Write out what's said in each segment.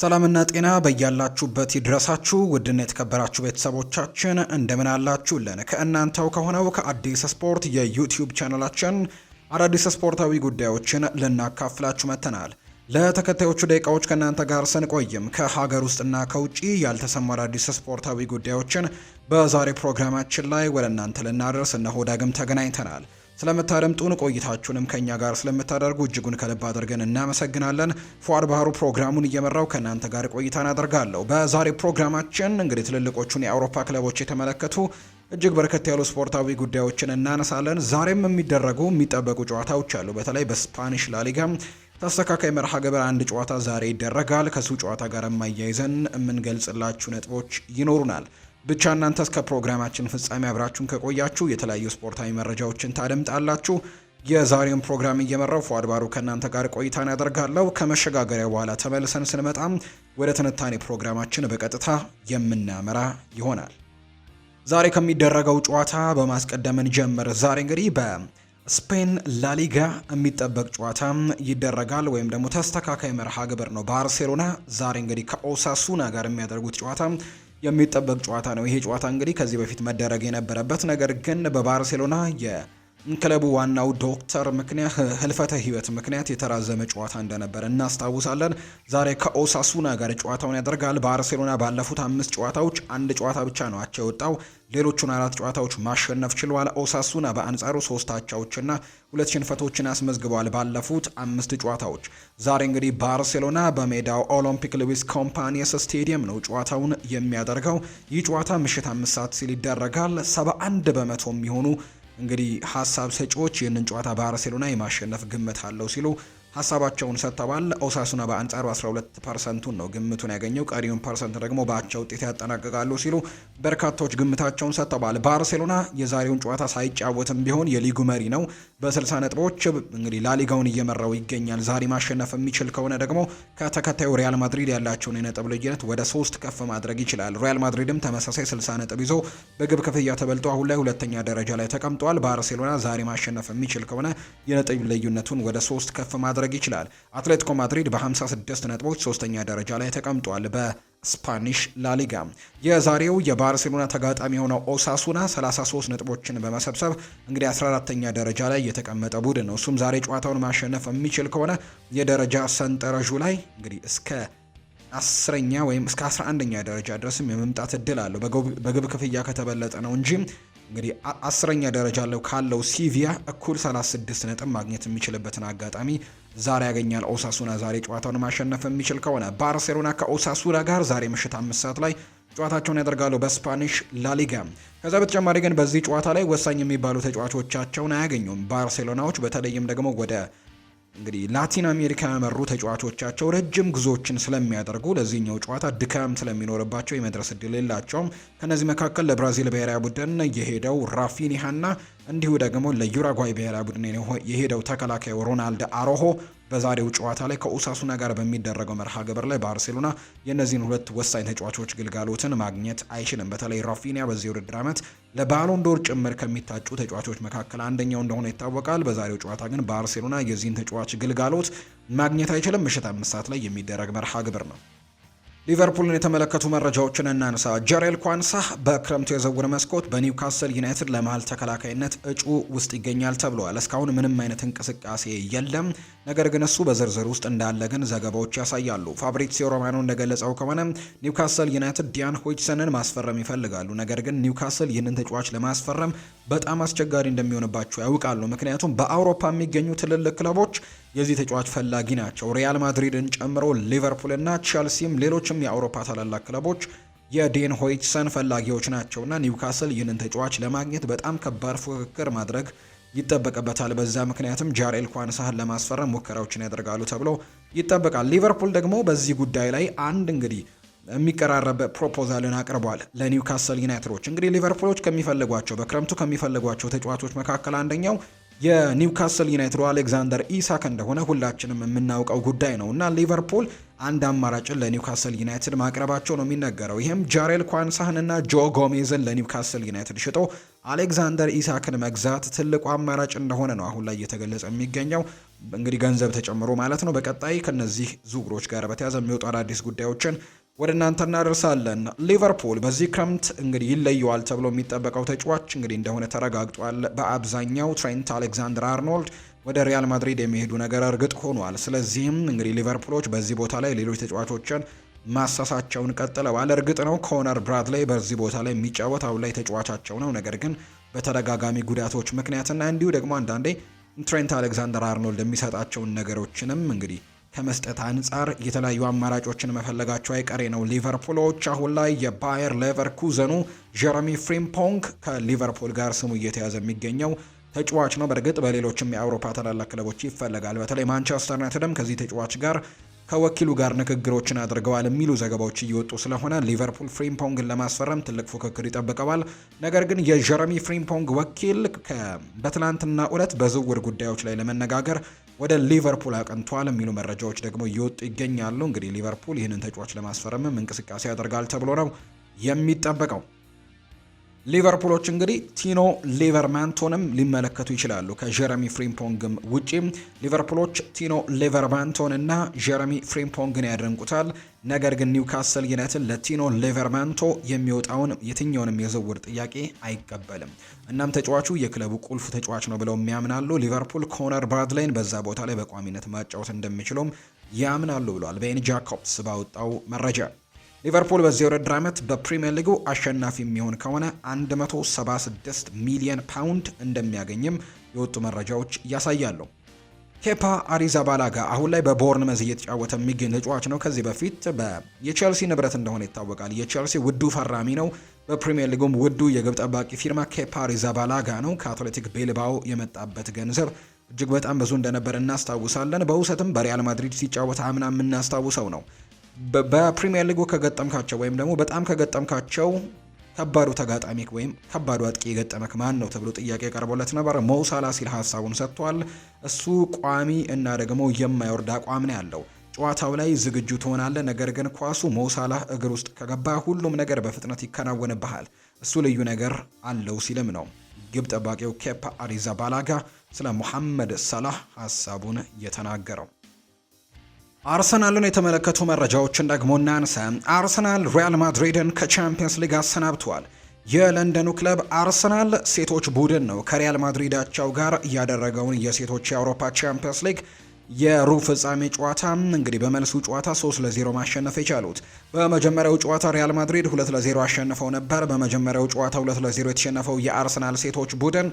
ሰላምና ጤና በያላችሁበት ይድረሳችሁ ውድና የተከበራችሁ ቤተሰቦቻችን እንደምን አላችሁልን? ከእናንተው ከሆነው ከአዲስ ስፖርት የዩቲዩብ ቻናላችን አዳዲስ ስፖርታዊ ጉዳዮችን ልናካፍላችሁ መጥተናል። ለተከታዮቹ ደቂቃዎች ከእናንተ ጋር ስንቆይም ከሀገር ውስጥና ከውጪ ያልተሰሙ አዳዲስ ስፖርታዊ ጉዳዮችን በዛሬ ፕሮግራማችን ላይ ወደ እናንተ ልናደርስ እነሆ ዳግም ተገናኝተናል። ስለምታደምጡን ቆይታችሁንም ከኛ ጋር ስለምታደርጉ እጅጉን ከልብ አድርገን እናመሰግናለን። ፏር ባህሩ ፕሮግራሙን እየመራው ከእናንተ ጋር ቆይታን አደርጋለሁ። በዛሬ ፕሮግራማችን እንግዲህ ትልልቆቹን የአውሮፓ ክለቦች የተመለከቱ እጅግ በርከት ያሉ ስፖርታዊ ጉዳዮችን እናነሳለን። ዛሬም የሚደረጉ የሚጠበቁ ጨዋታዎች አሉ። በተለይ በስፓኒሽ ላሊጋ ተስተካካይ መርሃ ግብር አንድ ጨዋታ ዛሬ ይደረጋል። ከሱ ጨዋታ ጋር የማያይዘን የምንገልጽላችሁ ነጥቦች ይኖሩናል። ብቻ እናንተ እስከ ፕሮግራማችን ፍጻሜ አብራችሁን ከቆያችሁ የተለያዩ ስፖርታዊ መረጃዎችን ታደምጣላችሁ። የዛሬውን ፕሮግራም እየመራው ፏድ ባሩ ከእናንተ ጋር ቆይታን ያደርጋለሁ። ከመሸጋገሪያ በኋላ ተመልሰን ስንመጣም ወደ ትንታኔ ፕሮግራማችን በቀጥታ የምናመራ ይሆናል። ዛሬ ከሚደረገው ጨዋታ በማስቀደም ጀምር። ዛሬ እንግዲህ በስፔን ላሊጋ የሚጠበቅ ጨዋታ ይደረጋል ወይም ደግሞ ተስተካካይ መርሃ ግብር ነው። ባርሴሎና ዛሬ እንግዲህ ከኦሳሱና ጋር የሚያደርጉት ጨዋታ የሚጠበቅ ጨዋታ ነው። ይሄ ጨዋታ እንግዲህ ከዚህ በፊት መደረግ የነበረበት ነገር ግን በባርሴሎና ክለቡ ዋናው ዶክተር ምክንያት ህልፈተ ህይወት ምክንያት የተራዘመ ጨዋታ እንደነበረ እናስታውሳለን። ዛሬ ከኦሳሱና ጋር ጨዋታውን ያደርጋል። ባርሴሎና ባለፉት አምስት ጨዋታዎች አንድ ጨዋታ ብቻ ነው አቻ የወጣው። ሌሎቹን አራት ጨዋታዎች ማሸነፍ ችሏል። ኦሳሱና በአንጻሩ ሶስት አቻዎችና ሁለት ሽንፈቶችን አስመዝግበዋል ባለፉት አምስት ጨዋታዎች። ዛሬ እንግዲህ ባርሴሎና በሜዳው ኦሎምፒክ ሉዊስ ኮምፓኒየስ ስቴዲየም ነው ጨዋታውን የሚያደርገው። ይህ ጨዋታ ምሽት አምስት ሰዓት ሲል ይደረጋል። ሰባ አንድ በመቶ የሚሆኑ እንግዲህ ሀሳብ ሰጪዎች ይህንን ጨዋታ ባርሴሎና የማሸነፍ ግምት አለው ሲሉ ሀሳባቸውን ሰጥተዋል። ኦሳሱና በአንጻሩ 12 ፐርሰንቱን ነው ግምቱን ያገኘው፣ ቀሪውን ፐርሰንት ደግሞ በአቻ ውጤት ያጠናቅቃሉ ሲሉ በርካታዎች ግምታቸውን ሰጥተዋል። ባርሴሎና የዛሬውን ጨዋታ ሳይጫወትም ቢሆን የሊጉ መሪ ነው በ60 ነጥቦች እንግዲህ ላሊጋውን እየመራው ይገኛል። ዛሬ ማሸነፍ የሚችል ከሆነ ደግሞ ከተከታዩ ሪያል ማድሪድ ያላቸውን የነጥብ ልዩነት ወደ ሶስት ከፍ ማድረግ ይችላል። ሪያል ማድሪድም ተመሳሳይ 60 ነጥብ ይዞ በግብ ክፍያ ተበልጦ አሁን ላይ ሁለተኛ ደረጃ ላይ ተቀምጧል። ባርሴሎና ዛሬ ማሸነፍ የሚችል ከሆነ የነጥብ ልዩነቱን ወደ ሶስት ከፍ ማድረግ ማድረግ ይችላል። አትሌቲኮ ማድሪድ በ56 ነጥቦች ሶስተኛ ደረጃ ላይ ተቀምጧል። በስፓኒሽ ላሊጋ የዛሬው የባርሴሎና ተጋጣሚ የሆነው ኦሳሱና 33 ነጥቦችን በመሰብሰብ እንግዲህ 14ተኛ ደረጃ ላይ የተቀመጠ ቡድን ነው። እሱም ዛሬ ጨዋታውን ማሸነፍ የሚችል ከሆነ የደረጃ ሰንጠረዡ ላይ እንግዲህ እስከ አስረኛ ወይም እስከ 11ኛ ደረጃ ድረስም የመምጣት እድል አለው በግብ ክፍያ ከተበለጠ ነው እንጂ እንግዲህ አስረኛ ደረጃ ለው ካለው ሲቪያ እኩል 36 ነጥብ ማግኘት የሚችልበትን አጋጣሚ ዛሬ ያገኛል ኦሳሱና። ዛሬ ጨዋታውን ማሸነፍ የሚችል ከሆነ ባርሴሎና ከኦሳሱና ጋር ዛሬ ምሽት አምስት ሰዓት ላይ ጨዋታቸውን ያደርጋሉ በስፓኒሽ ላሊጋ። ከዛ በተጨማሪ ግን በዚህ ጨዋታ ላይ ወሳኝ የሚባሉ ተጫዋቾቻቸውን አያገኙም ባርሴሎናዎች። በተለይም ደግሞ ወደ እንግዲህ ላቲን አሜሪካ ያመሩ ተጫዋቾቻቸው ረጅም ጉዞዎችን ስለሚያደርጉ ለዚህኛው ጨዋታ ድካም ስለሚኖርባቸው የመድረስ እድል የላቸውም። ከእነዚህ መካከል ለብራዚል ብሔራዊ ቡድን የሄደው ራፊኒሃና እንዲሁ ደግሞ ለዩራጓይ ብሔራዊ ቡድን የሄደው ተከላካይ ሮናልድ አሮሆ በዛሬው ጨዋታ ላይ ከኡሳሱና ጋር በሚደረገው መርሃ ግብር ላይ ባርሴሎና የእነዚህን ሁለት ወሳኝ ተጫዋቾች ግልጋሎትን ማግኘት አይችልም። በተለይ ራፊኒያ በዚህ ውድድር ዓመት ለባሎንዶር ጭምር ከሚታጩ ተጫዋቾች መካከል አንደኛው እንደሆነ ይታወቃል። በዛሬው ጨዋታ ግን ባርሴሎና የዚህን ተጫዋች ግልጋሎት ማግኘት አይችልም። ምሽት አምስት ሰዓት ላይ የሚደረግ መርሃ ግብር ነው። ሊቨርፑልን የተመለከቱ መረጃዎችን እናንሳ። ጀሬል ኳንሳ በክረምቱ የዝውውር መስኮት በኒውካስል ዩናይትድ ለመሀል ተከላካይነት እጩ ውስጥ ይገኛል ተብሏል። እስካሁን ምንም አይነት እንቅስቃሴ የለም። ነገር ግን እሱ በዝርዝር ውስጥ እንዳለ ግን ዘገባዎች ያሳያሉ። ፋብሪሲዮ ሮማኖ እንደገለጸው ከሆነ ኒውካስል ዩናይትድ ዲያን ሆጅሰንን ማስፈረም ይፈልጋሉ። ነገር ግን ኒውካስል ይህንን ተጫዋች ለማስፈረም በጣም አስቸጋሪ እንደሚሆንባቸው ያውቃሉ። ምክንያቱም በአውሮፓ የሚገኙ ትልልቅ ክለቦች የዚህ ተጫዋች ፈላጊ ናቸው። ሪያል ማድሪድን ጨምሮ ሊቨርፑልና ቼልሲም ሌሎችም የአውሮፓ ታላላቅ ክለቦች የዴን ሆይትሰን ፈላጊዎች ናቸውና ኒውካስል ይህንን ተጫዋች ለማግኘት በጣም ከባድ ፉክክር ማድረግ ይጠበቅበታል። በዛ ምክንያትም ጃሬል ኳንሳህን ለማስፈረም ሙከራዎችን ያደርጋሉ ተብሎ ይጠበቃል። ሊቨርፑል ደግሞ በዚህ ጉዳይ ላይ አንድ እንግዲህ የሚቀራረበ ፕሮፖዛልን አቅርቧል ለኒውካስል ዩናይትዶች። እንግዲህ ሊቨርፑሎች ከሚፈልጓቸው በክረምቱ ከሚፈልጓቸው ተጫዋቾች መካከል አንደኛው የኒውካስል ዩናይትዱ አሌክዛንደር ኢሳክ እንደሆነ ሁላችንም የምናውቀው ጉዳይ ነው እና ሊቨርፑል አንድ አማራጭን ለኒውካስል ዩናይትድ ማቅረባቸው ነው የሚነገረው። ይህም ጃሬል ኳንሳህንና ጆ ጎሜዝን ለኒውካስል ዩናይትድ ሽጦ አሌክዛንደር ኢሳክን መግዛት ትልቁ አማራጭ እንደሆነ ነው አሁን ላይ እየተገለጸ የሚገኘው። እንግዲህ ገንዘብ ተጨምሮ ማለት ነው። በቀጣይ ከነዚህ ዝውውሮች ጋር በተያያዘ የሚወጡ አዳዲስ ጉዳዮችን ወደ እናንተ እናደርሳለን። ሊቨርፑል በዚህ ክረምት እንግዲህ ይለየዋል ተብሎ የሚጠበቀው ተጫዋች እንግዲህ እንደሆነ ተረጋግጧል። በአብዛኛው ትሬንት አሌክዛንደር አርኖልድ ወደ ሪያል ማድሪድ የሚሄዱ ነገር እርግጥ ሆኗል። ስለዚህም እንግዲህ ሊቨርፑሎች በዚህ ቦታ ላይ ሌሎች ተጫዋቾችን ማሳሳቸውን ቀጥለዋል። እርግጥ ነው ኮነር ብራድላይ በዚህ ቦታ ላይ የሚጫወት አሁን ላይ ተጫዋቻቸው ነው። ነገር ግን በተደጋጋሚ ጉዳቶች ምክንያትና እንዲሁ ደግሞ አንዳንዴ ትሬንት አሌክዛንደር አርኖልድ የሚሰጣቸውን ነገሮችንም እንግዲህ ከመስጠት አንጻር የተለያዩ አማራጮችን መፈለጋቸው አይቀሬ ነው። ሊቨርፑሎች አሁን ላይ የባየር ሌቨርኩዘኑ ጀረሚ ፍሪምፖንግ ከሊቨርፑል ጋር ስሙ እየተያዘ የሚገኘው ተጫዋች ነው። በእርግጥ በሌሎችም የአውሮፓ ታላላቅ ክለቦች ይፈለጋል። በተለይ ማንቸስተር ዩናይትድም ከዚህ ተጫዋች ጋር ከወኪሉ ጋር ንግግሮችን አድርገዋል የሚሉ ዘገባዎች እየወጡ ስለሆነ ሊቨርፑል ፍሪምፖንግን ለማስፈረም ትልቅ ፉክክር ይጠብቀዋል። ነገር ግን የጀረሚ ፍሪምፖንግ ወኪል በትናንትና ዕለት በዝውውር ጉዳዮች ላይ ለመነጋገር ወደ ሊቨርፑል አቅንቷል የሚሉ መረጃዎች ደግሞ እየወጡ ይገኛሉ። እንግዲህ ሊቨርፑል ይህንን ተጫዋች ለማስፈረምም እንቅስቃሴ ያደርጋል ተብሎ ነው የሚጠበቀው። ሊቨርፑሎች እንግዲህ ቲኖ ሌቨርማንቶንም ሊመለከቱ ይችላሉ። ከጀረሚ ፍሪምፖንግም ውጪ ሊቨርፑሎች ቲኖ ሌቨርማንቶን እና ጀረሚ ፍሪምፖንግን ያደንቁታል። ነገር ግን ኒውካስል ዩናይትድ ለቲኖ ሌቨርማንቶ የሚወጣውን የትኛውንም የዝውውር ጥያቄ አይቀበልም። እናም ተጫዋቹ የክለቡ ቁልፍ ተጫዋች ነው ብለው የሚያምናሉ። ሊቨርፑል ኮነር ባድላይን በዛ ቦታ ላይ በቋሚነት ማጫወት እንደሚችሉም ያምናሉ ብሏል ቤን ጃኮብስ ባወጣው መረጃ ሊቨርፑል በዚህ የውድድር ዓመት በፕሪምየር ሊጉ አሸናፊ የሚሆን ከሆነ 176 ሚሊዮን ፓውንድ እንደሚያገኝም የወጡ መረጃዎች ያሳያሉ። ኬፓ አሪዛባላጋ አሁን ላይ በቦርንመዝ እየተጫወተ የሚገኝ ተጫዋች ነው። ከዚህ በፊት የቼልሲ ንብረት እንደሆነ ይታወቃል። የቼልሲ ውዱ ፈራሚ ነው። በፕሪምየር ሊጉም ውዱ የግብ ጠባቂ ፊርማ ኬፓ አሪዛባላጋ ነው። ከአትሌቲክ ቤልባኦ የመጣበት ገንዘብ እጅግ በጣም ብዙ እንደነበር እናስታውሳለን። በውሰትም በሪያል ማድሪድ ሲጫወት አምና የምናስታውሰው ነው። በፕሪሚየር ሊጉ ከገጠምካቸው ወይም ደግሞ በጣም ከገጠምካቸው ከባዱ ተጋጣሚ ወይም ከባዱ አጥቂ የገጠመክ ማን ነው ተብሎ ጥያቄ ቀርቦለት ነበር። ሞሳላ ሲል ሀሳቡን ሰጥቷል። እሱ ቋሚ እና ደግሞ የማይወርድ አቋም ነው ያለው። ጨዋታው ላይ ዝግጁ ትሆናለ ነገር ግን ኳሱ ሞሳላ እግር ውስጥ ከገባ ሁሉም ነገር በፍጥነት ይከናወንብሃል። እሱ ልዩ ነገር አለው ሲልም ነው ግብ ጠባቂው ኬፓ አሪዛባላጋ ስለ ሙሐመድ ሰላህ ሀሳቡን የተናገረው። አርሰናልን የተመለከቱ መረጃዎችን ደግሞ እናንሰ አርሰናል ሪያል ማድሪድን ከቻምፒየንስ ሊግ አሰናብቷል። የለንደኑ ክለብ አርሰናል ሴቶች ቡድን ነው ከሪያል ማድሪዳቸው ጋር እያደረገውን የሴቶች የአውሮፓ ቻምፒየንስ ሊግ የሩብ ፍጻሜ ጨዋታ እንግዲህ በመልሱ ጨዋታ 3 ለ0 ማሸነፍ የቻሉት። በመጀመሪያው ጨዋታ ሪያል ማድሪድ 2 ለ0 አሸንፈው ነበር። በመጀመሪያው ጨዋታ 2 ለ0 የተሸነፈው የአርሰናል ሴቶች ቡድን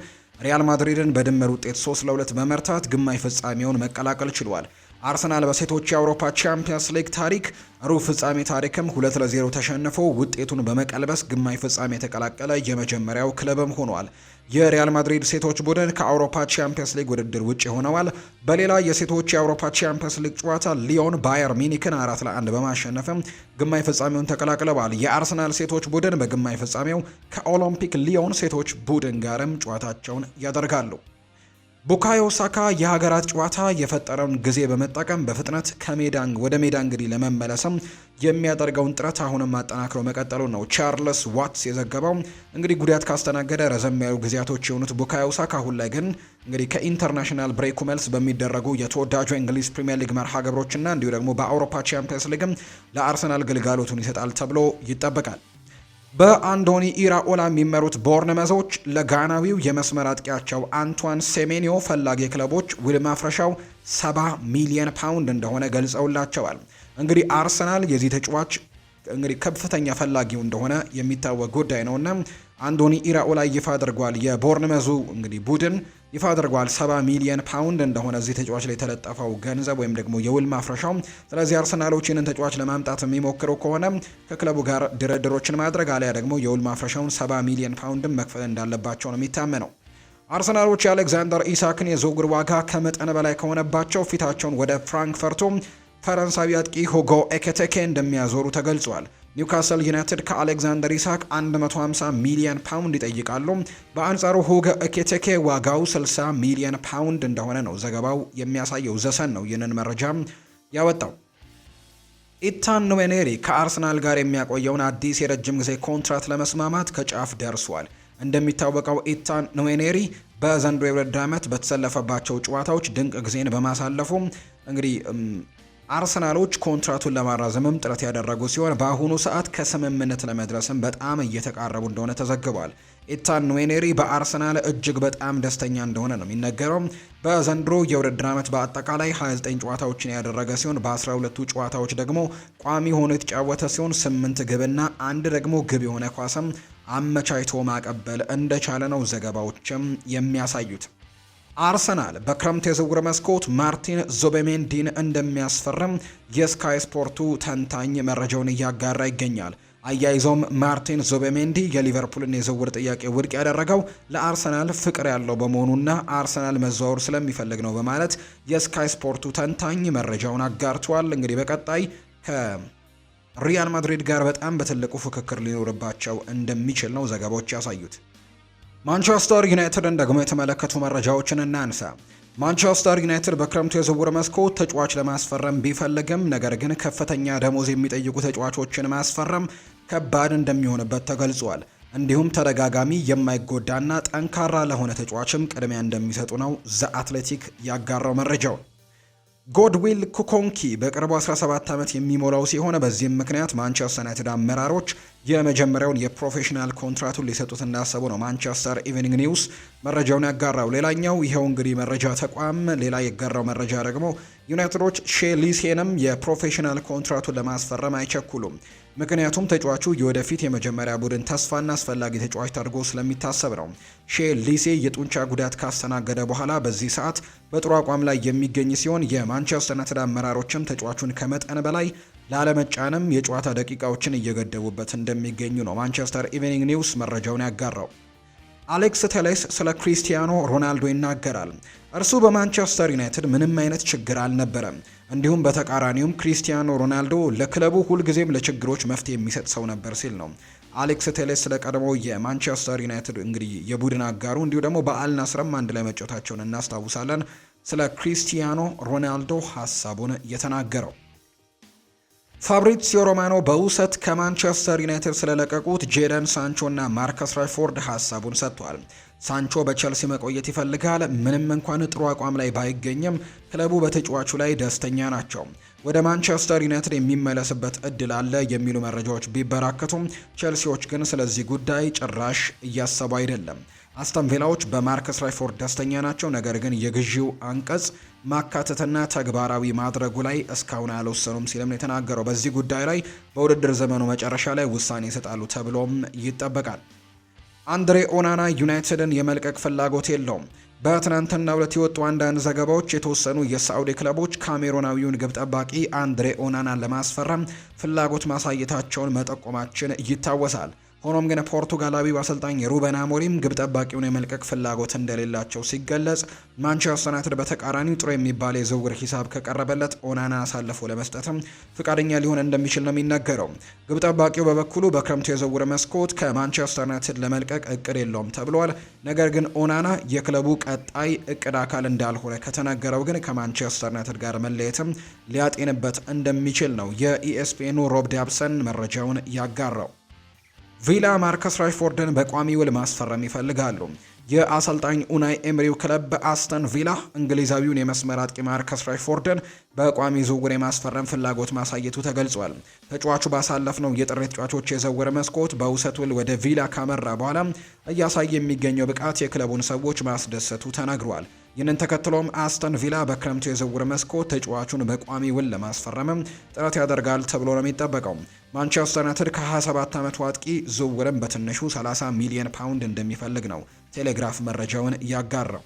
ሪያል ማድሪድን በድምር ውጤት 3 ለ2 በመርታት ግማሽ ፍጻሜውን መቀላቀል ችሏል። አርሰናል በሴቶች የአውሮፓ ቻምፒየንስ ሊግ ታሪክ ሩብ ፍጻሜ ታሪክም ሁለት ለዜሮ ተሸንፎ ውጤቱን በመቀልበስ ግማሽ ፍጻሜ የተቀላቀለ የመጀመሪያው ክለብም ሆኗል። የሪያል ማድሪድ ሴቶች ቡድን ከአውሮፓ ቻምፒየንስ ሊግ ውድድር ውጭ ሆነዋል። በሌላ የሴቶች የአውሮፓ ቻምፒየንስ ሊግ ጨዋታ ሊዮን ባየር ሚኒክን አራት ለአንድ በማሸነፍም ግማሽ ፍጻሜውን ተቀላቅለዋል። የአርሰናል ሴቶች ቡድን በግማሽ ፍጻሜው ከኦሎምፒክ ሊዮን ሴቶች ቡድን ጋርም ጨዋታቸውን ያደርጋሉ። ቡካዮ ሳካ የሀገራት ጨዋታ የፈጠረውን ጊዜ በመጠቀም በፍጥነት ከሜዳ ወደ ሜዳ እንግዲህ ለመመለስም የሚያደርገውን ጥረት አሁንም አጠናክሮ መቀጠሉ ነው ቻርልስ ዋትስ የዘገበው። እንግዲህ ጉዳት ካስተናገደ ረዘም ያሉ ጊዜያቶች የሆኑት ቡካዮ ሳካ አሁን ላይ ግን እንግዲህ ከኢንተርናሽናል ብሬኩ መልስ በሚደረጉ የተወዳጁ እንግሊዝ ፕሪምየር ሊግ መርሃ ግብሮችና እንዲሁ ደግሞ በአውሮፓ ቻምፒየንስ ሊግም ለአርሰናል ግልጋሎቱን ይሰጣል ተብሎ ይጠበቃል። በአንዶኒ ኢራኦላ የሚመሩት ቦርንመዞች ለጋናዊው የመስመር አጥቂያቸው አንቷን ሴሜኒዮ ፈላጊ ክለቦች ውል ማፍረሻው 70 ሚሊዮን ፓውንድ እንደሆነ ገልጸውላቸዋል። እንግዲህ አርሰናል የዚህ ተጫዋች እንግዲህ ከፍተኛ ፈላጊው እንደሆነ የሚታወቅ ጉዳይ ነውና አንዶኒ ኢራኦ ላይ ይፋ አድርጓል። የቦርንመዙ እንግዲህ ቡድን ይፋ አድርጓል 70 ሚሊየን ፓውንድ እንደሆነ እዚህ ተጫዋች ላይ የተለጠፈው ገንዘብ ወይም ደግሞ የውል ማፍረሻው። ስለዚህ አርሰናሎች ይህንን ተጫዋች ለማምጣት የሚሞክሩ ከሆነ ከክለቡ ጋር ድርድሮችን ማድረግ አለያ ደግሞ የውል ማፍረሻውን 70 ሚሊየን ፓውንድ መክፈል እንዳለባቸው ነው የሚታመነው። አርሰናሎች የአሌክዛንደር ኢሳክን የዝውውር ዋጋ ከመጠን በላይ ከሆነባቸው ፊታቸውን ወደ ፍራንክፈርቱ ፈረንሳዊ አጥቂ ሁጎ ኤኬቴኬ እንደሚያዞሩ ተገልጿል። ኒውካስል ዩናይትድ ከአሌክዛንደር ኢሳክ 150 ሚሊዮን ፓውንድ ይጠይቃሉ። በአንጻሩ ሁገ እኬቴኬ ዋጋው 60 ሚሊዮን ፓውንድ እንደሆነ ነው ዘገባው የሚያሳየው። ዘሰን ነው ይህንን መረጃ ያወጣው። ኢታን ንዌኔሪ ከአርሰናል ጋር የሚያቆየውን አዲስ የረጅም ጊዜ ኮንትራት ለመስማማት ከጫፍ ደርሷል። እንደሚታወቀው ኢታን ንዌኔሪ በዘንድሮ የውድድር ዓመት በተሰለፈባቸው ጨዋታዎች ድንቅ ጊዜን በማሳለፉ እንግዲህ አርሰናሎች ኮንትራቱን ለማራዘምም ጥረት ያደረጉ ሲሆን በአሁኑ ሰዓት ከስምምነት ለመድረስም በጣም እየተቃረቡ እንደሆነ ተዘግቧል። ኢታን ንዌኔሪ በአርሰናል እጅግ በጣም ደስተኛ እንደሆነ ነው የሚነገረው። በዘንድሮ የውድድር ዓመት በአጠቃላይ 29 ጨዋታዎችን ያደረገ ሲሆን በ12ቱ ጨዋታዎች ደግሞ ቋሚ ሆኖ የተጫወተ ሲሆን ስምንት ግብና አንድ ደግሞ ግብ የሆነ ኳስም አመቻችቶ ማቀበል እንደቻለ ነው ዘገባዎችም የሚያሳዩት። አርሰናል በክረምት የዝውውር መስኮት ማርቲን ዙቤሜንዲን እንደሚያስፈርም የስካይ ስፖርቱ ተንታኝ መረጃውን እያጋራ ይገኛል። አያይዞም ማርቲን ዙቢሜንዲ የሊቨርፑልን የዝውውር ጥያቄ ውድቅ ያደረገው ለአርሰናል ፍቅር ያለው በመሆኑና አርሰናል መዘዋወር ስለሚፈልግ ነው በማለት የስካይ ስፖርቱ ተንታኝ መረጃውን አጋርቷል። እንግዲህ በቀጣይ ከሪያል ማድሪድ ጋር በጣም በትልቁ ፍክክር ሊኖርባቸው እንደሚችል ነው ዘገባዎች ያሳዩት። ማንቸስተር ዩናይትድን ደግሞ የተመለከቱ መረጃዎችን እናንሳ። ማንቸስተር ዩናይትድ በክረምቱ የዝውውር መስኮት ተጫዋች ለማስፈረም ቢፈልግም ነገር ግን ከፍተኛ ደሞዝ የሚጠይቁ ተጫዋቾችን ማስፈረም ከባድ እንደሚሆንበት ተገልጿል። እንዲሁም ተደጋጋሚ የማይጎዳና ጠንካራ ለሆነ ተጫዋችም ቅድሚያ እንደሚሰጡ ነው ዘ አትሌቲክ ያጋራው መረጃው። ጎድዊል ኩኮንኪ በቅርቡ 17 ዓመት የሚሞላው ሲሆን በዚህም ምክንያት ማንቸስተር ዩናይትድ አመራሮች የመጀመሪያውን የፕሮፌሽናል ኮንትራቱን ሊሰጡት እንዳሰቡ ነው ማንቸስተር ኢቭኒንግ ኒውስ መረጃውን ያጋራው። ሌላኛው ይኸው እንግዲህ መረጃ ተቋም ሌላ የጋራው መረጃ ደግሞ ዩናይትዶች ሼሊሴንም የፕሮፌሽናል ኮንትራቱን ለማስፈረም አይቸኩሉም። ምክንያቱም ተጫዋቹ የወደፊት የመጀመሪያ ቡድን ተስፋና አስፈላጊ ተጫዋች ተደርጎ ስለሚታሰብ ነው። ሼሊሴ የጡንቻ ጉዳት ካስተናገደ በኋላ በዚህ ሰዓት በጥሩ አቋም ላይ የሚገኝ ሲሆን የማንቸስተር ዩናይትድ አመራሮችም ተጫዋቹን ከመጠን በላይ ላለመጫንም የጨዋታ ደቂቃዎችን እየገደቡበት እንደሚገኙ ነው ማንቸስተር ኢቨኒንግ ኒውስ መረጃውን ያጋራው። አሌክስ ቴሌስ ስለ ክሪስቲያኖ ሮናልዶ ይናገራል። እርሱ በማንቸስተር ዩናይትድ ምንም አይነት ችግር አልነበረም። እንዲሁም በተቃራኒውም ክሪስቲያኖ ሮናልዶ ለክለቡ ሁልጊዜም ለችግሮች መፍትሄ የሚሰጥ ሰው ነበር ሲል ነው አሌክስ ቴሌስ ስለ ቀድሞው የማንቸስተር ዩናይትድ እንግዲህ የቡድን አጋሩ እንዲሁ ደግሞ በአልናስርም አንድ ላይ መጫወታቸውን እናስታውሳለን። ስለ ክሪስቲያኖ ሮናልዶ ሀሳቡን የተናገረው ፋብሪዚዮ ሮማኖ በውሰት ከማንቸስተር ዩናይትድ ስለለቀቁት ጄደን ሳንቾ እና ማርከስ ራሽፎርድ ሀሳቡን ሰጥቷል። ሳንቾ በቸልሲ መቆየት ይፈልጋል። ምንም እንኳን ጥሩ አቋም ላይ ባይገኝም ክለቡ በተጫዋቹ ላይ ደስተኛ ናቸው። ወደ ማንቸስተር ዩናይትድ የሚመለስበት እድል አለ የሚሉ መረጃዎች ቢበራከቱም ቸልሲዎች ግን ስለዚህ ጉዳይ ጭራሽ እያሰቡ አይደለም። አስተን ቪላዎች በማርከስ ራሽፎርድ ደስተኛ ናቸው፣ ነገር ግን የግዢው አንቀጽ ማካተትና ተግባራዊ ማድረጉ ላይ እስካሁን አልወሰኑም ሲልም ነው የተናገረው። በዚህ ጉዳይ ላይ በውድድር ዘመኑ መጨረሻ ላይ ውሳኔ ይሰጣሉ ተብሎም ይጠበቃል። አንድሬ ኦናና ዩናይትድን የመልቀቅ ፍላጎት የለውም። በትናንትናው ዕለት የወጡ አንዳንድ ዘገባዎች የተወሰኑ የሳዑዲ ክለቦች ካሜሮናዊውን ግብ ጠባቂ አንድሬ ኦናናን ለማስፈረም ፍላጎት ማሳየታቸውን መጠቆማችን ይታወሳል። ሆኖም ግን ፖርቱጋላዊው አሰልጣኝ ሩበን አሞሪም ግብ ጠባቂውን የመልቀቅ ፍላጎት እንደሌላቸው ሲገለጽ፣ ማንቸስተር ዩናይትድ በተቃራኒው ጥሩ የሚባል የዝውውር ሂሳብ ከቀረበለት ኦናና አሳልፎ ለመስጠትም ፍቃደኛ ሊሆን እንደሚችል ነው የሚነገረው። ግብ ጠባቂው በበኩሉ በክረምቱ የዝውውር መስኮት ከማንቸስተር ዩናይትድ ለመልቀቅ እቅድ የለውም ተብሏል። ነገር ግን ኦናና የክለቡ ቀጣይ እቅድ አካል እንዳልሆነ ከተነገረው ግን ከማንቸስተር ዩናይትድ ጋር መለየትም ሊያጤንበት እንደሚችል ነው የኢኤስፒኤኑ ሮብ ዳብሰን መረጃውን ያጋራው። ቪላ ማርከስ ራሽፎርድን በቋሚ ውል ማስፈረም ይፈልጋሉ። የአሰልጣኝ ኡናይ ኤምሪው ክለብ በአስተን ቪላ እንግሊዛዊውን የመስመር አጥቂ ማርከስ ራሽፎርድን በቋሚ ዝውውር የማስፈረም ፍላጎት ማሳየቱ ተገልጿል። ተጫዋቹ ባሳለፍነው የጥር ተጫዋቾች የዝውውር መስኮት በውሰት ውል ወደ ቪላ ካመራ በኋላ እያሳየ የሚገኘው ብቃት የክለቡን ሰዎች ማስደሰቱ ተናግሯል። ይህንን ተከትሎም አስተን ቪላ በክረምቱ የዝውውር መስኮት ተጫዋቹን በቋሚ ውል ለማስፈረምም ጥረት ያደርጋል ተብሎ ነው የሚጠበቀው። ማንቸስተር ዩናይትድ ከ27 ዓመቱ አጥቂ ዝውውርን በትንሹ 30 ሚሊዮን ፓውንድ እንደሚፈልግ ነው ቴሌግራፍ መረጃውን ያጋራው።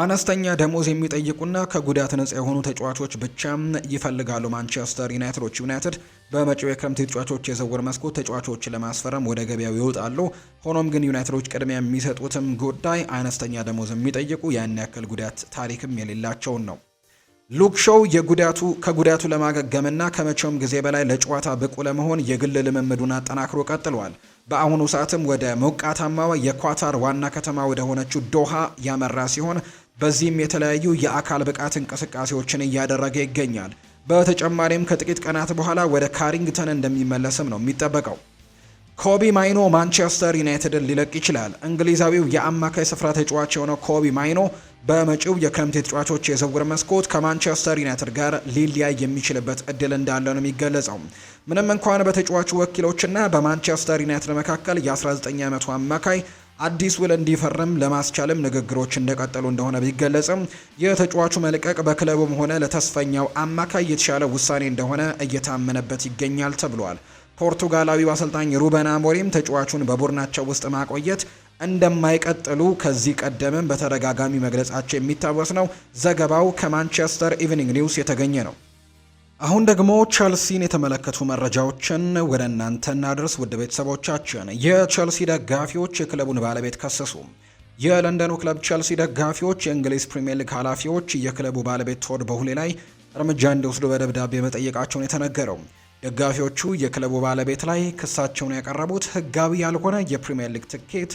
አነስተኛ ደሞዝ የሚጠይቁና ከጉዳት ነጻ የሆኑ ተጫዋቾች ብቻም ይፈልጋሉ ማንቸስተር ዩናይትዶች። ዩናይትድ በመጪው የክረምት ተጫዋቾች የዝውውር መስኮት ተጫዋቾች ለማስፈረም ወደ ገበያው ይወጣሉ። ሆኖም ግን ዩናይትዶች ቅድሚያ የሚሰጡትም ጉዳይ አነስተኛ ደሞዝ የሚጠይቁ ያን ያክል ጉዳት ታሪክም የሌላቸውን ነው። ሉክ ሾው የጉዳቱ ከጉዳቱ ለማገገምና ከመቼውም ጊዜ በላይ ለጨዋታ ብቁ ለመሆን የግል ልምምዱን አጠናክሮ ቀጥሏል። በአሁኑ ሰዓትም ወደ ሞቃታማዋ የኳታር ዋና ከተማ ወደ ሆነችው ዶሃ ያመራ ሲሆን በዚህም የተለያዩ የአካል ብቃት እንቅስቃሴዎችን እያደረገ ይገኛል። በተጨማሪም ከጥቂት ቀናት በኋላ ወደ ካሪንግተን እንደሚመለስም ነው የሚጠበቀው። ኮቢ ማይኖ ማንቸስተር ዩናይትድን ሊለቅ ይችላል። እንግሊዛዊው የአማካይ ስፍራ ተጫዋች የሆነው ኮቢ ማይኖ በመጪው የክረምት ተጫዋቾች የዝውውር መስኮት ከማንቸስተር ዩናይትድ ጋር ሊለያይ የሚችልበት እድል እንዳለ ነው የሚገለጸው። ምንም እንኳን በተጫዋቹ ወኪሎችና በማንቸስተር ዩናይትድ መካከል የ19 ዓመቱ አማካይ አዲስ ውል እንዲፈርም ለማስቻልም ንግግሮች እንደቀጠሉ እንደሆነ ቢገለጽም የተጫዋቹ መልቀቅ በክለቡም ሆነ ለተስፈኛው አማካይ የተሻለ ውሳኔ እንደሆነ እየታመነበት ይገኛል ተብሏል። ፖርቱጋላዊው አሰልጣኝ ሩበን አሞሪም ተጫዋቹን በቡድናቸው ውስጥ ማቆየት እንደማይቀጥሉ ከዚህ ቀደምም በተደጋጋሚ መግለጻቸው የሚታወስ ነው። ዘገባው ከማንቸስተር ኢቭኒንግ ኒውስ የተገኘ ነው። አሁን ደግሞ ቸልሲን የተመለከቱ መረጃዎችን ወደ እናንተ እናድርስ። ውድ ቤተሰቦቻችን የቸልሲ ደጋፊዎች የክለቡን ባለቤት ከሰሱ። የለንደኑ ክለብ ቸልሲ ደጋፊዎች የእንግሊዝ ፕሪምየር ሊግ ኃላፊዎች የክለቡ ባለቤት ቶድ በሁሌ ላይ እርምጃ እንዲወስዱ በደብዳቤ መጠየቃቸውን የተነገረው ደጋፊዎቹ የክለቡ ባለቤት ላይ ክሳቸውን ያቀረቡት ህጋዊ ያልሆነ የፕሪምየር ሊግ ትኬት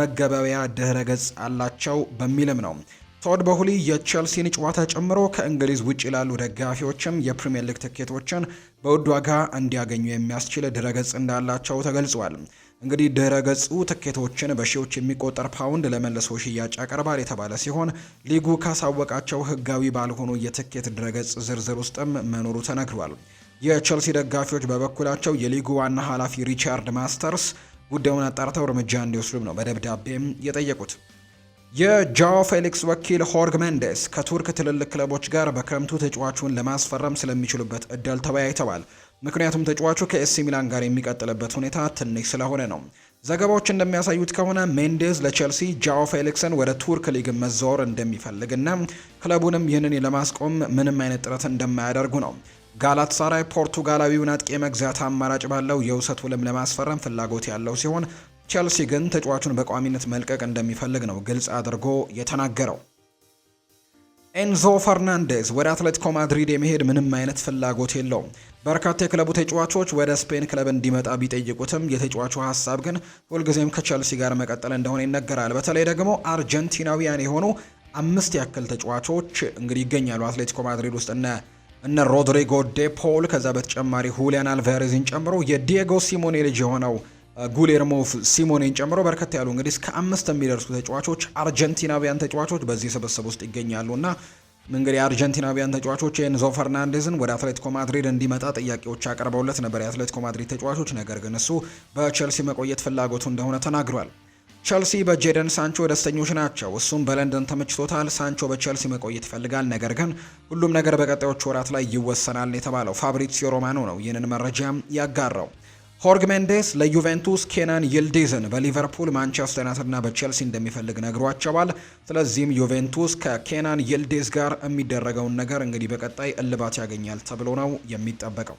መገበያ ድህረ ገጽ አላቸው በሚልም ነው። ቶድ በሁሊ የቼልሲን ጨዋታ ጨምሮ ከእንግሊዝ ውጭ ላሉ ደጋፊዎችም የፕሪምየር ሊግ ትኬቶችን በውድ ዋጋ እንዲያገኙ የሚያስችል ድረገጽ እንዳላቸው ተገልጿል። እንግዲህ ድረገጹ ትኬቶችን በሺዎች የሚቆጠር ፓውንድ ለመልሶ ሽያጭ ያቀርባል የተባለ ሲሆን ሊጉ ካሳወቃቸው ሕጋዊ ባልሆኑ የትኬት ድረገጽ ዝርዝር ውስጥም መኖሩ ተነግሯል። የቼልሲ ደጋፊዎች በበኩላቸው የሊጉ ዋና ኃላፊ ሪቻርድ ማስተርስ ጉዳዩን አጣርተው እርምጃ እንዲወስዱም ነው በደብዳቤም የጠየቁት። የጃኦ ፌሊክስ ወኪል ሆርግ መንደስ ከቱርክ ትልልቅ ክለቦች ጋር በክረምቱ ተጫዋቹን ለማስፈረም ስለሚችሉበት እድል ተወያይተዋል። ምክንያቱም ተጫዋቹ ከኤሲ ሚላን ጋር የሚቀጥልበት ሁኔታ ትንሽ ስለሆነ ነው። ዘገባዎች እንደሚያሳዩት ከሆነ ሜንዴዝ ለቼልሲ ጃኦ ፌሊክስን ወደ ቱርክ ሊግ መዛወር እንደሚፈልግና ክለቡንም ይህንን ለማስቆም ምንም አይነት ጥረት እንደማያደርጉ ነው። ጋላት ሳራይ ፖርቱጋላዊውን አጥቂ መግዛት አማራጭ ባለው የውሰት ውልም ለማስፈረም ፍላጎት ያለው ሲሆን ቸልሲ ግን ተጫዋቹን በቋሚነት መልቀቅ እንደሚፈልግ ነው ግልጽ አድርጎ የተናገረው። ኤንዞ ፈርናንዴዝ ወደ አትሌቲኮ ማድሪድ የመሄድ ምንም አይነት ፍላጎት የለውም። በርካታ የክለቡ ተጫዋቾች ወደ ስፔን ክለብ እንዲመጣ ቢጠይቁትም የተጫዋቹ ሀሳብ ግን ሁልጊዜም ከቸልሲ ጋር መቀጠል እንደሆነ ይነገራል። በተለይ ደግሞ አርጀንቲናውያን የሆኑ አምስት ያክል ተጫዋቾች እንግዲህ ይገኛሉ አትሌቲኮ ማድሪድ ውስጥ እነ እነ ሮድሪጎ ዴ ፖል ከዛ በተጨማሪ ሁሊያን አልቫሬዝን ጨምሮ የዲየጎ ሲሞኔ ልጅ የሆነው ጉሌርሞ ሲሞኔን ጨምሮ በርከት ያሉ እንግዲህ እስከ አምስት የሚደርሱ ተጫዋቾች አርጀንቲናውያን ተጫዋቾች በዚህ ስብስብ ውስጥ ይገኛሉና እንግዲህ አርጀንቲናውያን ተጫዋቾች ኤንዞ ፈርናንዴዝን ወደ አትሌቲኮ ማድሪድ እንዲመጣ ጥያቄዎች አቅርበውለት ነበር የአትሌቲኮ ማድሪድ ተጫዋቾች። ነገር ግን እሱ በቸልሲ መቆየት ፍላጎቱ እንደሆነ ተናግሯል። ቸልሲ በጄደን ሳንቾ ደስተኞች ናቸው። እሱም በለንደን ተመችቶታል። ሳንቾ በቸልሲ መቆየት ይፈልጋል። ነገር ግን ሁሉም ነገር በቀጣዮቹ ወራት ላይ ይወሰናል የተባለው ፋብሪሲዮ ሮማኖ ነው ይህንን መረጃም ያጋራው። ሆርግ ሜንዴስ ለዩቬንቱስ ኬናን ይልዲዝን በሊቨርፑል ማንቸስተር ዩናይትድና በቼልሲ እንደሚፈልግ ነግሯቸዋል። ስለዚህም ዩቬንቱስ ከኬናን ይልዲዝ ጋር የሚደረገውን ነገር እንግዲህ በቀጣይ እልባት ያገኛል ተብሎ ነው የሚጠበቀው።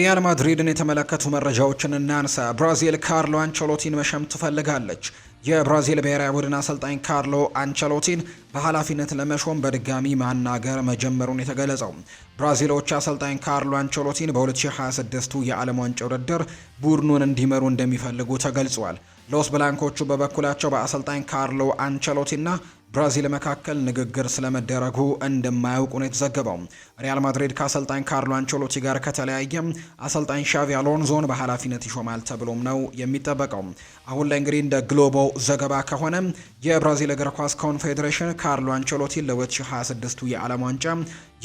ሪያል ማድሪድን የተመለከቱ መረጃዎችን እናንሳ። ብራዚል ካርሎ አንቸሎቲን መሸም ትፈልጋለች። የብራዚል ብሔራዊ ቡድን አሰልጣኝ ካርሎ አንቸሎቲን በኃላፊነት ለመሾም በድጋሚ ማናገር መጀመሩን የተገለጸው ብራዚሎች አሰልጣኝ ካርሎ አንቸሎቲን በ2026ቱ የዓለም ዋንጫ ውድድር ቡድኑን እንዲመሩ እንደሚፈልጉ ተገልጿል። ሎስ ብላንኮቹ በበኩላቸው በአሰልጣኝ ካርሎ አንቸሎቲና ብራዚል መካከል ንግግር ስለመደረጉ እንደማያውቁ ነው የተዘገበው። ሪያል ማድሪድ ከአሰልጣኝ ካርሎ አንቸሎቲ ጋር ከተለያየ አሰልጣኝ ሻቪ አሎንዞን በኃላፊነት ይሾማል ተብሎም ነው የሚጠበቀው። አሁን ላይ እንግዲህ እንደ ግሎቦ ዘገባ ከሆነ የብራዚል እግር ኳስ ኮንፌዴሬሽን ካርሎ አንቸሎቲ ለ 2026 የዓለም ዋንጫ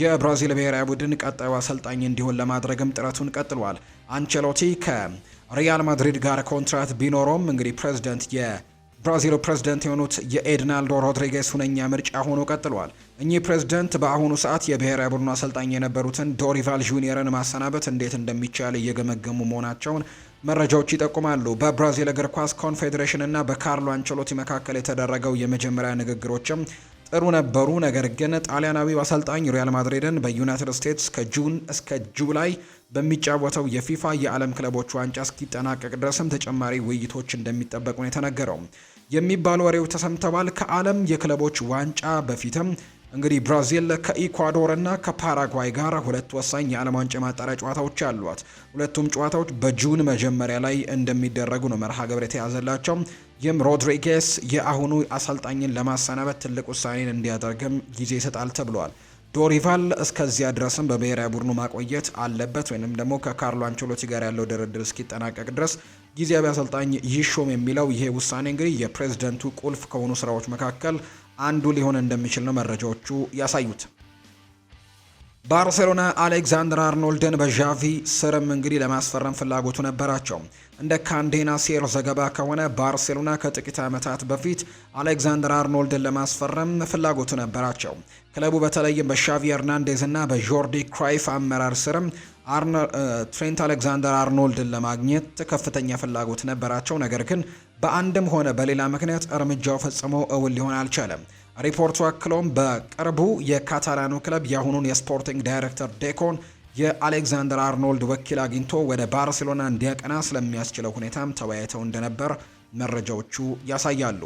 የብራዚል ብሔራዊ ቡድን ቀጣዩ አሰልጣኝ እንዲሆን ለማድረግም ጥረቱን ቀጥሏል። አንቸሎቲ ከሪያል ማድሪድ ጋር ኮንትራት ቢኖረውም እንግዲህ ፕሬዚደንት የብራዚሉ ፕሬዝደንት የሆኑት የኤድናልዶ ሮድሪጌስ ሁነኛ ምርጫ ሆኖ ቀጥሏል። እኚህ ፕሬዝደንት በአሁኑ ሰዓት የብሔራዊ ቡድኑ አሰልጣኝ የነበሩትን ዶሪቫል ጁኒየርን ማሰናበት እንዴት እንደሚቻል እየገመገሙ መሆናቸውን መረጃዎች ይጠቁማሉ። በብራዚል እግር ኳስ ኮንፌዴሬሽን እና በካርሎ አንቸሎቲ መካከል የተደረገው የመጀመሪያ ንግግሮችም ጥሩ ነበሩ። ነገር ግን ጣሊያናዊው አሰልጣኝ ሪያል ማድሪድን በዩናይትድ ስቴትስ ከጁን እስከ ጁላይ በሚጫወተው የፊፋ የዓለም ክለቦች ዋንጫ እስኪጠናቀቅ ድረስም ተጨማሪ ውይይቶች እንደሚጠበቁ ነው የተነገረው። የሚባሉ ወሬዎች ተሰምተዋል። ከዓለም የክለቦች ዋንጫ በፊትም እንግዲህ ብራዚል ከኢኳዶር እና ከፓራጓይ ጋር ሁለት ወሳኝ የዓለም ዋንጫ ማጣሪያ ጨዋታዎች አሏት። ሁለቱም ጨዋታዎች በጁን መጀመሪያ ላይ እንደሚደረጉ ነው መርሃ ግብር የተያዘላቸው። ይህም ሮድሪጌስ የአሁኑ አሰልጣኝን ለማሰናበት ትልቅ ውሳኔን እንዲያደርግም ጊዜ ይሰጣል ተብሏል። ዶሪቫል እስከዚያ ድረስም በብሔራዊ ቡድኑ ማቆየት አለበት ወይንም ደግሞ ከካርሎ አንቸሎቲ ጋር ያለው ድርድር እስኪጠናቀቅ ድረስ ጊዜያዊ አሰልጣኝ ይሾም የሚለው ይሄ ውሳኔ እንግዲህ የፕሬዝደንቱ ቁልፍ ከሆኑ ስራዎች መካከል አንዱ ሊሆን እንደሚችል ነው መረጃዎቹ ያሳዩት። ባርሴሎና አሌክዛንደር አርኖልደን በዣቪ ስርም እንግዲህ ለማስፈረም ፍላጎቱ ነበራቸው። እንደ ካንዴና ሴር ዘገባ ከሆነ ባርሴሎና ከጥቂት ዓመታት በፊት አሌክዛንደር አርኖልድን ለማስፈረም ፍላጎቱ ነበራቸው። ክለቡ በተለይም በሻቪ ሄርናንዴዝ እና በጆርዲ ክራይፍ አመራር ስርም ትሬንት አሌክዛንደር አርኖልድን ለማግኘት ከፍተኛ ፍላጎት ነበራቸው። ነገር ግን በአንድም ሆነ በሌላ ምክንያት እርምጃው ፈጽሞ እውን ሊሆን አልቻለም። ሪፖርቱ አክሎም በቅርቡ የካታላኑ ክለብ የአሁኑን የስፖርቲንግ ዳይሬክተር ዴኮን የአሌክዛንደር አርኖልድ ወኪል አግኝቶ ወደ ባርሴሎና እንዲያቀና ስለሚያስችለው ሁኔታም ተወያይተው እንደነበር መረጃዎቹ ያሳያሉ።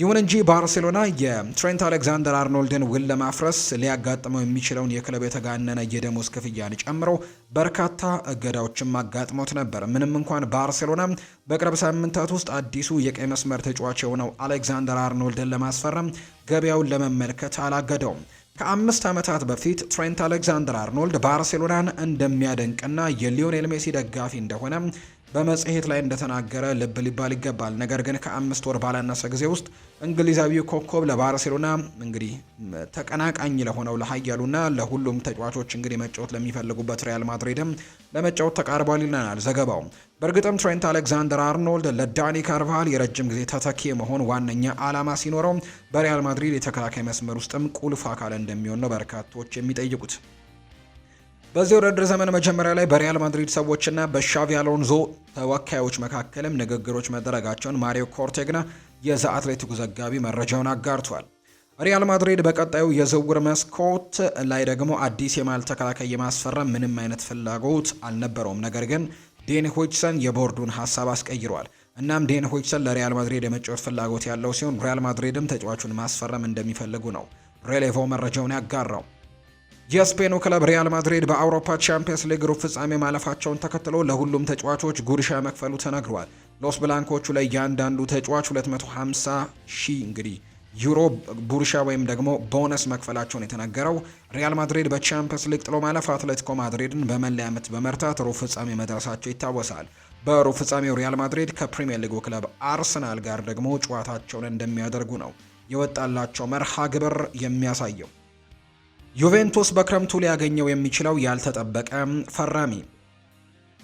ይሁን እንጂ ባርሴሎና የትሬንት አሌክዛንደር አርኖልድን ውል ለማፍረስ ሊያጋጥመው የሚችለውን የክለብ የተጋነነ የደሞዝ ክፍያን ጨምሮ በርካታ እገዳዎችም አጋጥሞት ነበር። ምንም እንኳን ባርሴሎና በቅርብ ሳምንታት ውስጥ አዲሱ የቀይ መስመር ተጫዋች የሆነው አሌክዛንደር አርኖልድን ለማስፈረም ገበያውን ለመመልከት አላገደውም። ከአምስት ዓመታት በፊት ትሬንት አሌክዛንደር አርኖልድ ባርሴሎናን እንደሚያደንቅና የሊዮኔል ሜሲ ደጋፊ እንደሆነ በመጽሔት ላይ እንደተናገረ ልብ ሊባል ይገባል። ነገር ግን ከአምስት ወር ባላነሰ ጊዜ ውስጥ እንግሊዛዊ ኮከብ ለባርሴሎና እንግዲህ ተቀናቃኝ ለሆነው ለሀያሉና ለሁሉም ተጫዋቾች እንግዲህ መጫወት ለሚፈልጉበት ሪያል ማድሪድም ለመጫወት ተቃርቧል ይለናል ዘገባው። በእርግጥም ትሬንት አሌክዛንደር አርኖልድ ለዳኒ ካርቫሃል የረጅም ጊዜ ተተኪ መሆን ዋነኛ ዓላማ ሲኖረው በሪያል ማድሪድ የተከላካይ መስመር ውስጥም ቁልፍ አካል እንደሚሆን ነው በርካቶች የሚጠይቁት። በዚህ ውድድር ዘመን መጀመሪያ ላይ በሪያል ማድሪድ ሰዎችና በሻቪ አሎንዞ ተወካዮች መካከልም ንግግሮች መደረጋቸውን ማሪዮ ኮርቴግና የዛ አትሌቲኩ ዘጋቢ መረጃውን አጋርቷል። ሪያል ማድሪድ በቀጣዩ የዝውውር መስኮት ላይ ደግሞ አዲስ የማል ተከላካይ የማስፈረም ምንም አይነት ፍላጎት አልነበረውም። ነገር ግን ዴን ሆችሰን የቦርዱን ሀሳብ አስቀይሯል። እናም ዴን ሆችሰን ለሪያል ማድሪድ የመጫወት ፍላጎት ያለው ሲሆን ሪያል ማድሪድም ተጫዋቹን ማስፈረም እንደሚፈልጉ ነው ሬሌቮ መረጃውን ያጋራው። የስፔኑ ክለብ ሪያል ማድሪድ በአውሮፓ ቻምፒየንስ ሊግ ሩብ ፍጻሜ ማለፋቸውን ተከትሎ ለሁሉም ተጫዋቾች ጉርሻ መክፈሉ ተነግሯል። ሎስ ብላንኮቹ እያንዳንዱ ተጫዋች 250 ሺህ እንግዲህ ዩሮ ቡርሻ ወይም ደግሞ ቦነስ መክፈላቸውን የተነገረው ሪያል ማድሪድ በቻምፒየንስ ሊግ ጥሎ ማለፍ አትሌቲኮ ማድሪድን በመለያ ምት በመርታት ሩብ ፍጻሜ መድረሳቸው ይታወሳል። በሩብ ፍጻሜው ሪያል ማድሪድ ከፕሪምየር ሊጉ ክለብ አርሰናል ጋር ደግሞ ጨዋታቸውን እንደሚያደርጉ ነው የወጣላቸው መርሃ ግብር የሚያሳየው። ዩቬንቱስ በክረምቱ ሊያገኘው የሚችለው ያልተጠበቀ ፈራሚ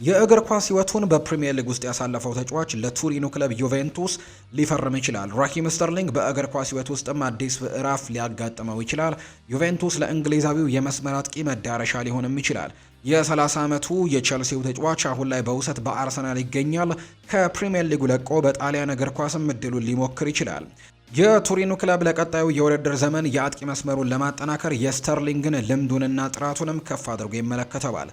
የእግር ኳስ ህይወቱን በፕሪምየር ሊግ ውስጥ ያሳለፈው ተጫዋች ለቱሪኑ ክለብ ዩቬንቱስ ሊፈርም ይችላል። ራሂም ስተርሊንግ በእግር ኳስ ሕይወት ውስጥም አዲስ ምዕራፍ ሊያጋጥመው ይችላል። ዩቬንቱስ ለእንግሊዛዊው የመስመር አጥቂ መዳረሻ ሊሆንም ይችላል። የ30 ዓመቱ የቼልሲው ተጫዋች አሁን ላይ በውሰት በአርሰናል ይገኛል። ከፕሪምየር ሊጉ ለቆ በጣሊያን እግር ኳስም እድሉን ሊሞክር ይችላል። የቱሪኑ ክለብ ለቀጣዩ የውድድር ዘመን የአጥቂ መስመሩን ለማጠናከር የስተርሊንግን ልምዱንና ጥራቱንም ከፍ አድርጎ ይመለከተዋል።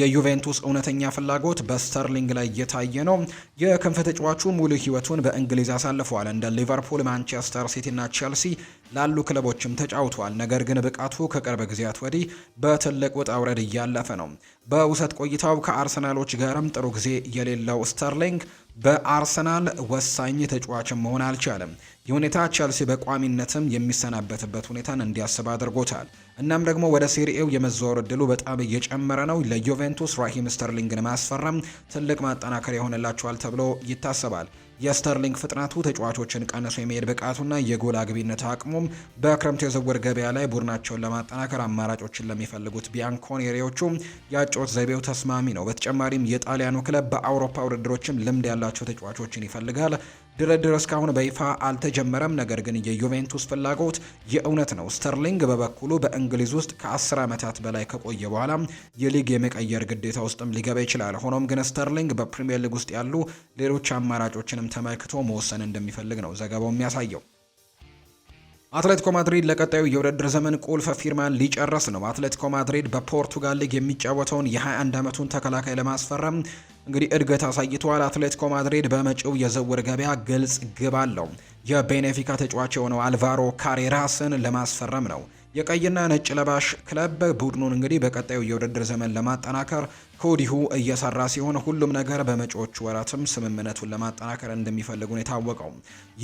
የዩቬንቱስ እውነተኛ ፍላጎት በስተርሊንግ ላይ እየታየ ነው። የክንፍ ተጫዋቹ ሙሉ ህይወቱን በእንግሊዝ አሳልፈዋል። እንደ ሊቨርፑል፣ ማንቸስተር ሲቲና ቼልሲ ላሉ ክለቦችም ተጫውቷል። ነገር ግን ብቃቱ ከቅርብ ጊዜያት ወዲህ በትልቅ ውጣ ውረድ እያለፈ ነው። በውሰት ቆይታው ከአርሰናሎች ጋርም ጥሩ ጊዜ የሌለው ስተርሊንግ በአርሰናል ወሳኝ ተጫዋችም መሆን አልቻለም። ይህ ሁኔታ ቸልሲ በቋሚነትም የሚሰናበትበት ሁኔታን እንዲያስብ አድርጎታል። እናም ደግሞ ወደ ሴሪኤው የመዘወር እድሉ በጣም እየጨመረ ነው። ለዩቬንቱስ ራሂም ስተርሊንግን ማስፈረም ትልቅ ማጠናከር ይሆንላቸዋል ተብሎ ይታሰባል። የስተርሊንግ ፍጥነቱ ተጫዋቾችን ቀንሶ የመሄድ ብቃቱና የጎል አግቢነት አቅሙም በክረምት የዝውውር ገበያ ላይ ቡድናቸውን ለማጠናከር አማራጮችን ለሚፈልጉት ቢያንኮኔሪዎቹ የአጨዋወት ዘይቤው ተስማሚ ነው። በተጨማሪም የጣሊያኑ ክለብ በአውሮፓ ውድድሮችም ልምድ ያላቸው ተጫዋቾችን ይፈልጋል። ድርድር እስካሁን በይፋ አልተጀመረም። ነገር ግን የዩቬንቱስ ፍላጎት የእውነት ነው። ስተርሊንግ በበኩሉ በእንግሊዝ ውስጥ ከ10 ዓመታት በላይ ከቆየ በኋላ የሊግ የመቀየር ግዴታ ውስጥም ሊገባ ይችላል። ሆኖም ግን ስተርሊንግ በፕሪምየር ሊግ ውስጥ ያሉ ሌሎች አማራጮችንም ተመልክቶ መወሰን እንደሚፈልግ ነው ዘገባው የሚያሳየው። አትሌቲኮ ማድሪድ ለቀጣዩ የውድድር ዘመን ቁልፍ ፊርማን ሊጨርስ ነው። አትሌቲኮ ማድሪድ በፖርቱጋል ሊግ የሚጫወተውን የ21 ዓመቱን ተከላካይ ለማስፈረም እንግዲህ እድገት አሳይተዋል። አትሌቲኮ ማድሪድ በመጪው የዝውውር ገበያ ግልጽ ግብ አለው። የቤኔፊካ ተጫዋች የሆነው አልቫሮ ካሬራስን ለማስፈረም ነው። የቀይና ነጭ ለባሽ ክለብ ቡድኑን እንግዲህ በቀጣዩ የውድድር ዘመን ለማጠናከር ከወዲሁ እየሰራ ሲሆን ሁሉም ነገር በመጪዎቹ ወራትም ስምምነቱን ለማጠናከር እንደሚፈልጉ ነው የታወቀው።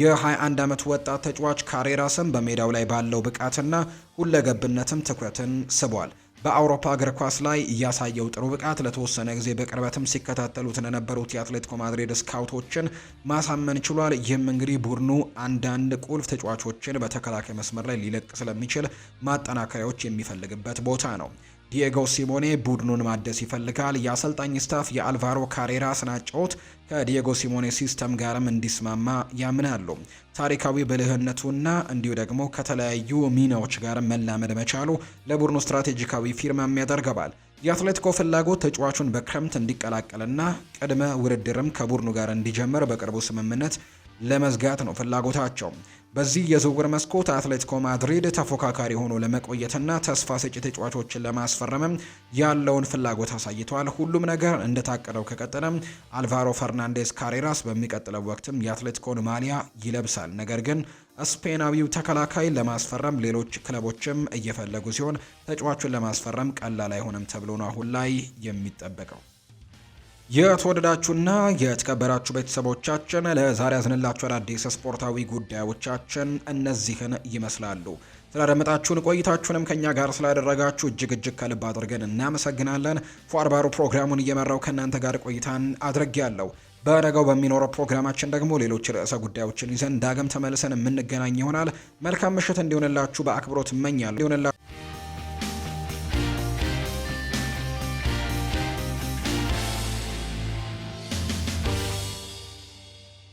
የ21 ዓመት ወጣት ተጫዋች ካሬራስም በሜዳው ላይ ባለው ብቃትና ሁለገብነትም ትኩረትን ስቧል። በአውሮፓ እግር ኳስ ላይ እያሳየው ጥሩ ብቃት ለተወሰነ ጊዜ በቅርበትም ሲከታተሉት ለነበሩት የአትሌቲኮ ማድሪድ ስካውቶችን ማሳመን ችሏል። ይህም እንግዲህ ቡድኑ አንዳንድ ቁልፍ ተጫዋቾችን በተከላካይ መስመር ላይ ሊለቅ ስለሚችል ማጠናከሪያዎች የሚፈልግበት ቦታ ነው። ዲየጎ ሲሞኔ ቡድኑን ማደስ ይፈልጋል። የአሰልጣኝ ስታፍ የአልቫሮ ካሬራ ስናጫወት ከዲየጎ ሲሞኔ ሲስተም ጋርም እንዲስማማ ያምናሉ። ታሪካዊ ብልህነቱና እንዲሁ ደግሞ ከተለያዩ ሚናዎች ጋር መላመድ መቻሉ ለቡድኑ ስትራቴጂካዊ ፊርማም ያደርገዋል። የአትሌቲኮ ፍላጎት ተጫዋቹን በክረምት እንዲቀላቀልና ቅድመ ውድድርም ከቡድኑ ጋር እንዲጀምር በቅርቡ ስምምነት ለመዝጋት ነው ፍላጎታቸው። በዚህ የዝውውር መስኮት አትሌቲኮ ማድሪድ ተፎካካሪ ሆኖ ለመቆየትና ተስፋ ሰጪ ተጫዋቾችን ለማስፈረምም ያለውን ፍላጎት አሳይተዋል። ሁሉም ነገር እንደታቀደው ከቀጠለም አልቫሮ ፈርናንዴስ ካሬራስ በሚቀጥለው ወቅትም የአትሌቲኮን ማሊያ ይለብሳል። ነገር ግን ስፔናዊው ተከላካይ ለማስፈረም ሌሎች ክለቦችም እየፈለጉ ሲሆን ተጫዋቹን ለማስፈረም ቀላል አይሆንም ተብሎ ነው አሁን ላይ የሚጠበቀው። የተወደዳችሁና የተከበራችሁ ቤተሰቦቻችን ለዛሬ ያዝንላችሁ አዳዲስ ስፖርታዊ ጉዳዮቻችን እነዚህን ይመስላሉ። ስላደመጣችሁን ቆይታችሁንም ከኛ ጋር ስላደረጋችሁ እጅግ እጅግ ከልብ አድርገን እናመሰግናለን። ፏርባሩ ፕሮግራሙን እየመራው ከእናንተ ጋር ቆይታን ያለው በነገው በሚኖረው ፕሮግራማችን ደግሞ ሌሎች ርዕሰ ጉዳዮችን ይዘን ዳግም ተመልሰን የምንገናኝ ይሆናል። መልካም ምሽት እንዲሆንላችሁ በአክብሮት እመኛለሁ።